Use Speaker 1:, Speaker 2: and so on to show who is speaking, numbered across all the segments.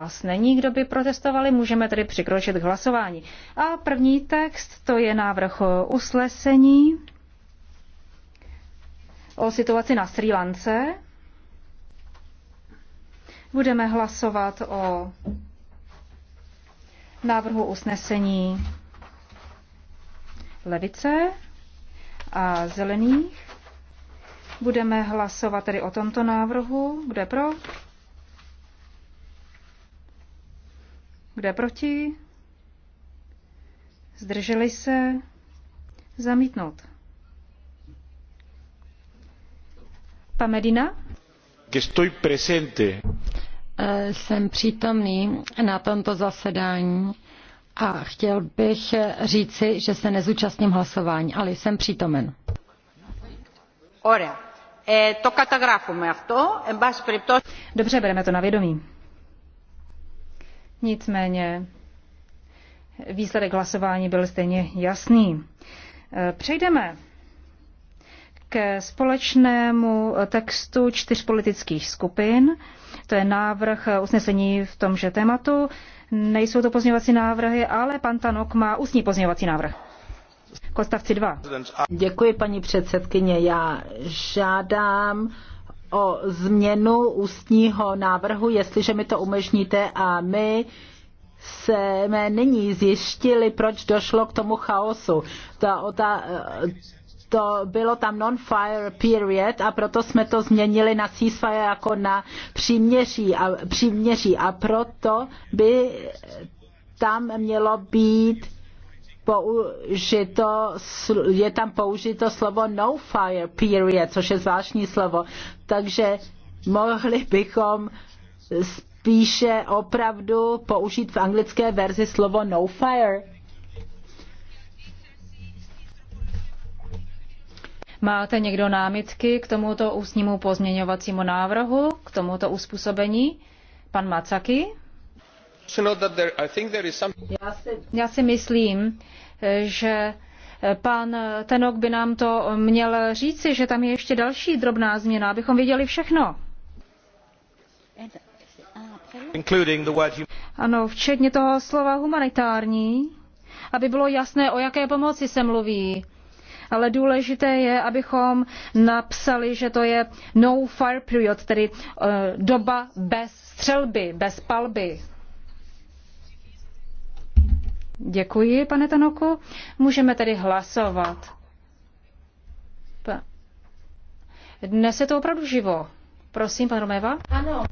Speaker 1: Vás není, kdo by protestovali, můžeme tedy přikročit k hlasování. A první text, to je návrh uslesení o situaci na Sri Lance. Budeme hlasovat o návrhu usnesení levice a zelených. Budeme hlasovat tedy o tomto návrhu. Kdo je pro? Kdo je proti? Zdrželi se? Zamítnout. Medina?
Speaker 2: Que estoy presente.
Speaker 1: Eh, jsem přítomný na tomto zasedání a chtěl bych eh, říci, že se nezúčastním hlasování, ale jsem přítomen. Dobře, bereme to na vědomí. Nicméně výsledek hlasování byl stejně jasný. E, přejdeme ke společnému textu čtyř politických skupin. To je návrh usnesení v tomže tématu. Nejsou to pozměňovací návrhy, ale pan Tanok má ústní pozměňovací návrh.
Speaker 2: Kostavci 2. Děkuji, paní předsedkyně. Já žádám o změnu ústního návrhu, jestliže mi to umožníte a my jsme nyní zjištili, proč došlo k tomu chaosu. Ta, ta, to bylo tam non-fire period a proto jsme to změnili na ceasefire jako na příměří a, příměří a proto by tam mělo být použito, je tam použito slovo no fire period, což je zvláštní slovo. Takže mohli bychom spíše opravdu použít v anglické verzi slovo no fire.
Speaker 1: Máte někdo námitky k tomuto ústnímu pozměňovacímu návrhu, k tomuto uspůsobení? Pan Macaki? Já si myslím, že pan Tenok by nám to měl říci, že tam je ještě další drobná změna, abychom viděli všechno. Ano, včetně toho slova humanitární, aby bylo jasné, o jaké pomoci se mluví. Ale důležité je, abychom napsali, že to je no fire period, tedy eh, doba bez střelby, bez palby. Děkuji, pane Tanoku. Můžeme tedy hlasovat. Dnes je to opravdu živo. Prosím, pan Romeva. Ano.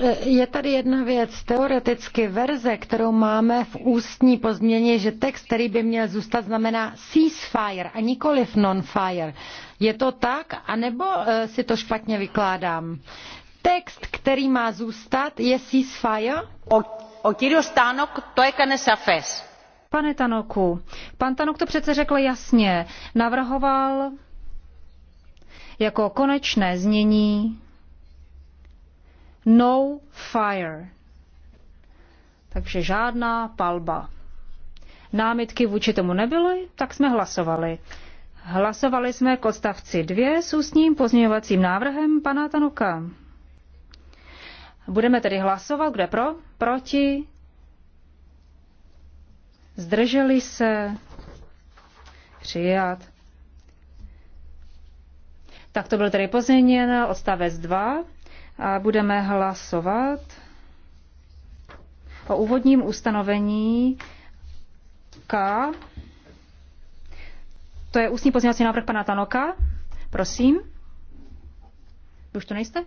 Speaker 1: E, je tady jedna
Speaker 2: věc, teoreticky verze, kterou máme v ústní pozměně, že text, který by měl zůstat, znamená ceasefire a nikoliv non-fire. Je to tak, anebo e, si
Speaker 1: to špatně vykládám? Text, který má zůstat, je ceasefire? O, o Tanok to je safes Pane Tanoku, pan Tanok to přece řekl jasně. Navrhoval jako konečné znění no fire. Takže žádná palba. Námitky vůči tomu nebyly, tak jsme hlasovali. Hlasovali jsme k odstavci 2 s ústním pozměňovacím návrhem pana Tanuka. Budeme tedy hlasovat, kde pro, proti, zdrželi se, přijat. Tak to byl tedy pozměněn odstavec 2 a budeme hlasovat o úvodním ustanovení K. To je ústní pozměňovací návrh pana Tanoka. Prosím. Už to nejste?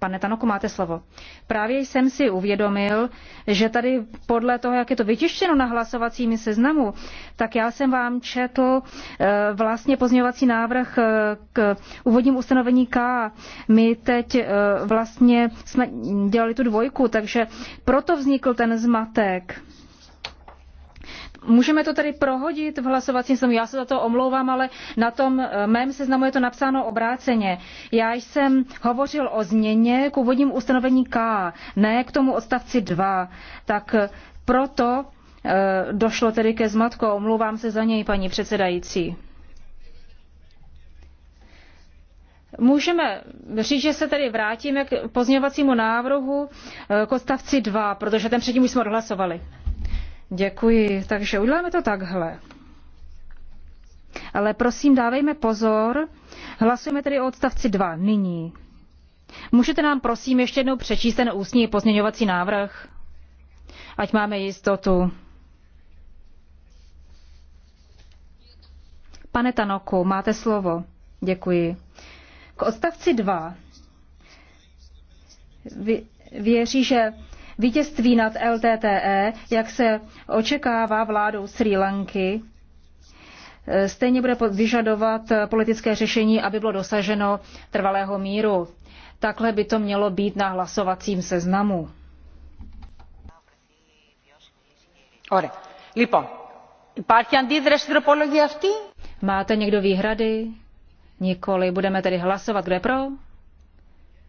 Speaker 1: Pane Tanoku, máte slovo. Právě jsem si uvědomil, že tady podle toho, jak je to vytištěno na hlasovacím seznamu, tak já jsem vám četl eh, vlastně pozměňovací návrh eh, k úvodním ustanovení K. My teď eh, vlastně jsme dělali tu dvojku, takže proto vznikl ten zmatek. Můžeme to tady prohodit v hlasovacím seznamu. Já se za to omlouvám, ale na tom eh, mém seznamu je to napsáno obráceně. Já jsem hovořil o změně k úvodním ustanovení K, ne k tomu odstavci 2. Tak eh, proto eh, došlo tedy ke zmatku. Omlouvám se za něj, paní předsedající. Můžeme říct, že se tedy vrátíme k pozměňovacímu návrhu k odstavci 2, protože ten předtím už jsme odhlasovali. Děkuji. Takže uděláme to takhle. Ale prosím, dávejme pozor. Hlasujeme tedy o odstavci 2 nyní. Můžete nám prosím ještě jednou přečíst ten ústní pozměňovací návrh? Ať máme jistotu. Pane Tanoku, máte slovo. Děkuji. K odstavci 2 věří, že Vítězství nad LTTE, jak se očekává vládou Sri Lanky, eh, stejně bude vyžadovat politické řešení, aby bylo dosaženo trvalého míru. Takhle by to mělo být na hlasovacím seznamu. Ωραία. Lipo. Máte někdo výhrady? Nikoli. Budeme tedy hlasovat. Kdo je pro?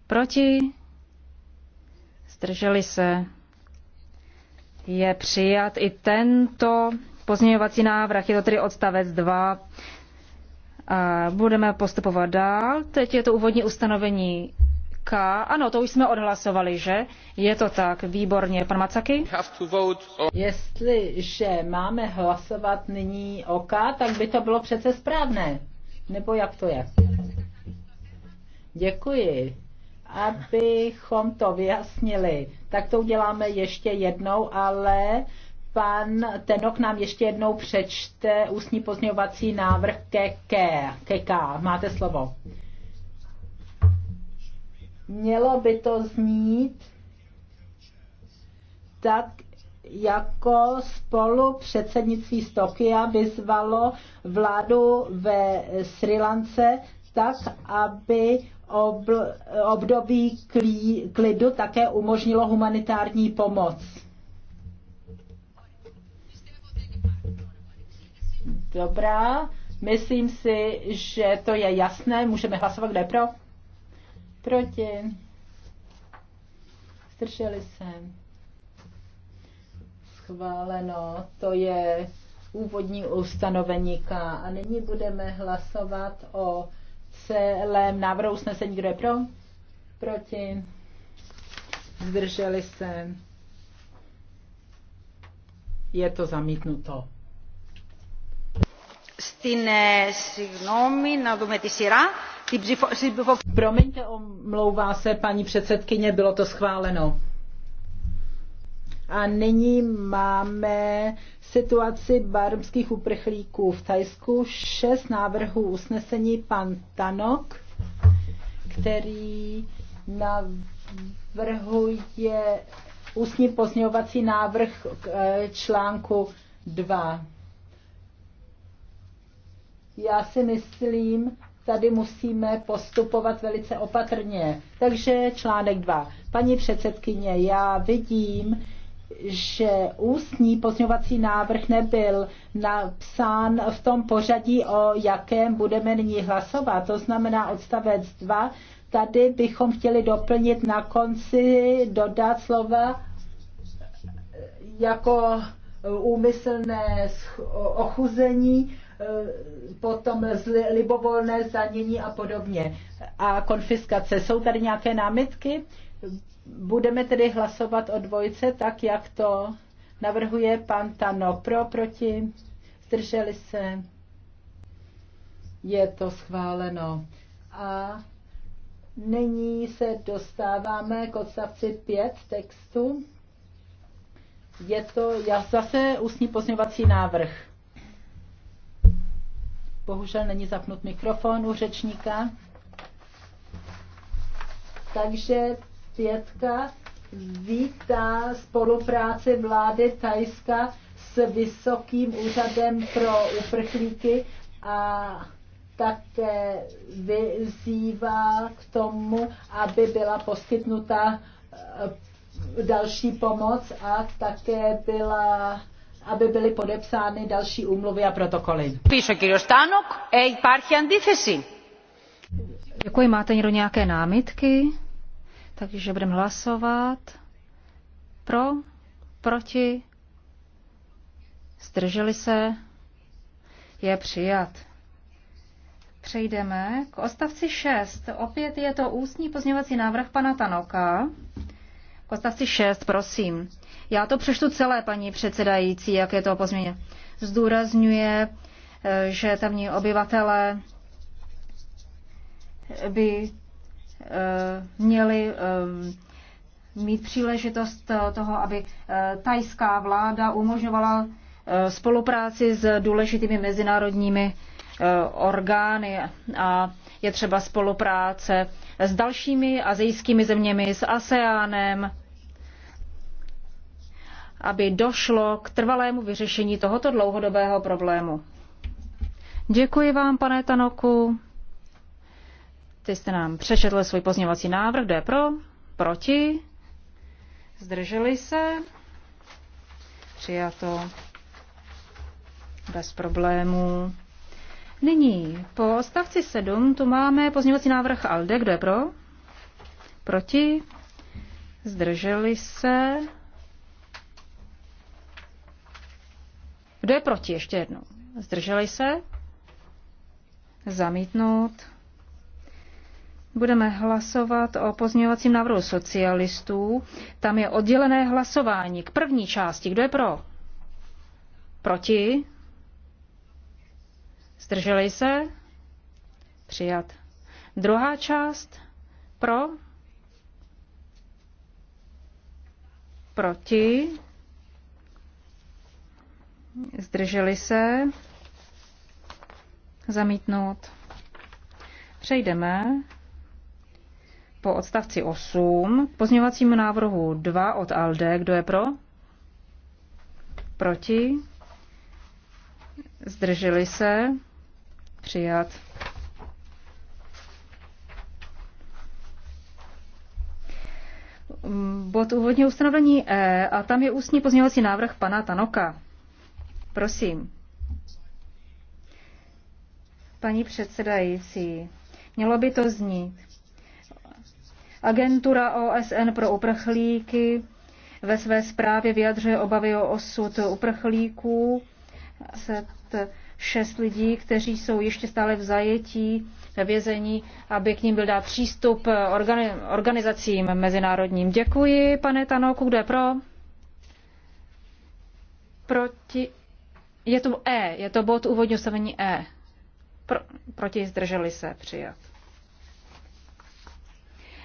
Speaker 1: Proti? zdrželi se, je přijat i tento pozměňovací návrh, je to tedy odstavec 2. A budeme postupovat dál. Teď je to úvodní ustanovení K. Ano, to už jsme odhlasovali, že? Je to tak, výborně. Pan Macaky?
Speaker 2: Jestliže máme hlasovat nyní o K, tak by to bylo přece správné. Nebo jak to je? Děkuji abychom to vyjasnili. Tak to uděláme ještě jednou, ale pan Tenok nám ještě jednou přečte ústní pozměňovací návrh ke, ke, ke K. Máte slovo. Mělo by to znít tak, jako spolu předsednictví Stokia vyzvalo vládu ve Sri Lance, tak, aby období klidu také umožnilo humanitární pomoc. Dobrá, myslím si, že to je jasné. Můžeme hlasovat, kde pro? Proti. Zdrželi se. Schváleno. To je úvodní ustanovení K. A nyní budeme hlasovat o celém návrhu usnesení. Kdo je pro? Proti? Zdrželi se? Je to zamítnuto. Στην, συγγνώμη, na δούμε Promiňte, omlouvá se paní předsedkyně, bylo to schváleno. A nyní máme situaci barmských uprchlíků v Tajsku. Šest návrhů usnesení pan Tanok, který navrhuje ústní pozměňovací návrh k e, článku 2. Já si myslím, tady musíme postupovat velice opatrně. Takže článek 2. Paní předsedkyně, já vidím, že ústní pozňovací návrh nebyl napsán v tom pořadí, o jakém budeme nyní hlasovat. To znamená odstavec 2. Tady bychom chtěli doplnit na konci, dodat slova jako úmyslné ochuzení, potom libovolné zanění a podobně a konfiskace. Jsou tady nějaké námitky? Budeme tedy hlasovat o dvojce, tak jak to navrhuje pan Tano. Pro, proti, zdrželi se. Je to schváleno. A nyní se dostáváme k odstavci 5 textu. Je to já zase ústní pozměňovací návrh. Bohužel není zapnut mikrofon u řečníka. Takže svědka vítá spolupráci vlády Tajska s Vysokým úřadem pro uprchlíky a také vyzývá k tomu, aby byla poskytnuta eh, další pomoc a také byla aby byly podepsány další úmluvy a protokoly. Píše kýro Stánok, ej υπάρχει
Speaker 1: Děkuji, máte někdo nějaké námitky? Takže budeme hlasovat pro, proti, zdrželi se, je přijat. Přejdeme k ostavci 6. Opět je to ústní pozměňovací návrh pana Tanoka. K ostavci 6, prosím. Já to přečtu celé, paní předsedající, jak je to pozměně. Zdůrazňuje, eh, že tamní obyvatele by Eh, měli eh, mít příležitost eh, toho, aby tajská vláda umožňovala spolupráci s důležitými mezinárodními orgány a je třeba spolupráce s dalšími azijskými zeměmi, s ASEANem, aby došlo k trvalému vyřešení tohoto dlouhodobého problému. Děkuji vám, pane Tanoku. Ty jste nám přečetl svůj pozměňovací návrh. Kdo je pro? Proti? Zdrželi se? Přijato bez problémů. Nyní po stavci 7 tu máme pozměňovací návrh ALDE. Kdo je pro? Proti? Zdrželi se? Kdo je proti? Ještě jednou. Zdrželi se? Zamítnout. Budeme hlasovat o pozměňovacím návrhu socialistů. Tam je oddělené hlasování k první části. Kdo je pro? Proti? Zdrželi se? Přijat. Druhá část? Pro? Proti? Zdrželi se? Zamítnout. Přejdeme po odstavci 8 k pozměňovacímu návrhu 2 od ALDE. Kdo je pro? Proti? Zdrželi se? Přijat. Bod úvodního ustanovení E a tam je ústní pozměňovací návrh pana Tanoka. Prosím. Paní předsedající, mělo by to znít Agentura OSN pro uprchlíky ve své zprávě vyjadřuje obavy o osud uprchlíků. šest lidí, kteří jsou ještě stále v zajetí ve vězení, aby k ním byl dát přístup organizacím mezinárodním. Děkuji, pane Tanoku, kdo je pro? Proti? Je to E, je to bod úvodního stavení E. Pro, proti zdrželi se přijat.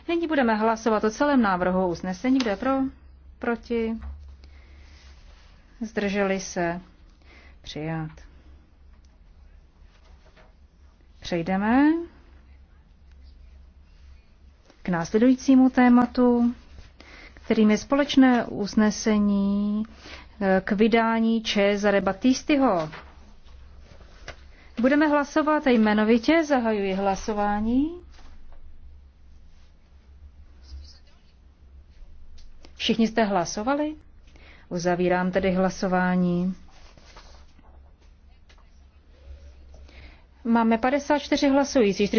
Speaker 1: Nyní budeme hlasovat o celém návrhu usnesení. Kdo je pro? Proti? Zdrželi se? Přijat. Přejdeme k následujícímu tématu, kterým je společné usnesení eh, k vydání Cezare Battistiho. Budeme hlasovat jmenovitě, zahajuji hlasování. Všichni jste hlasovali? Uzavírám tedy hlasování. Máme 54 hlasujících.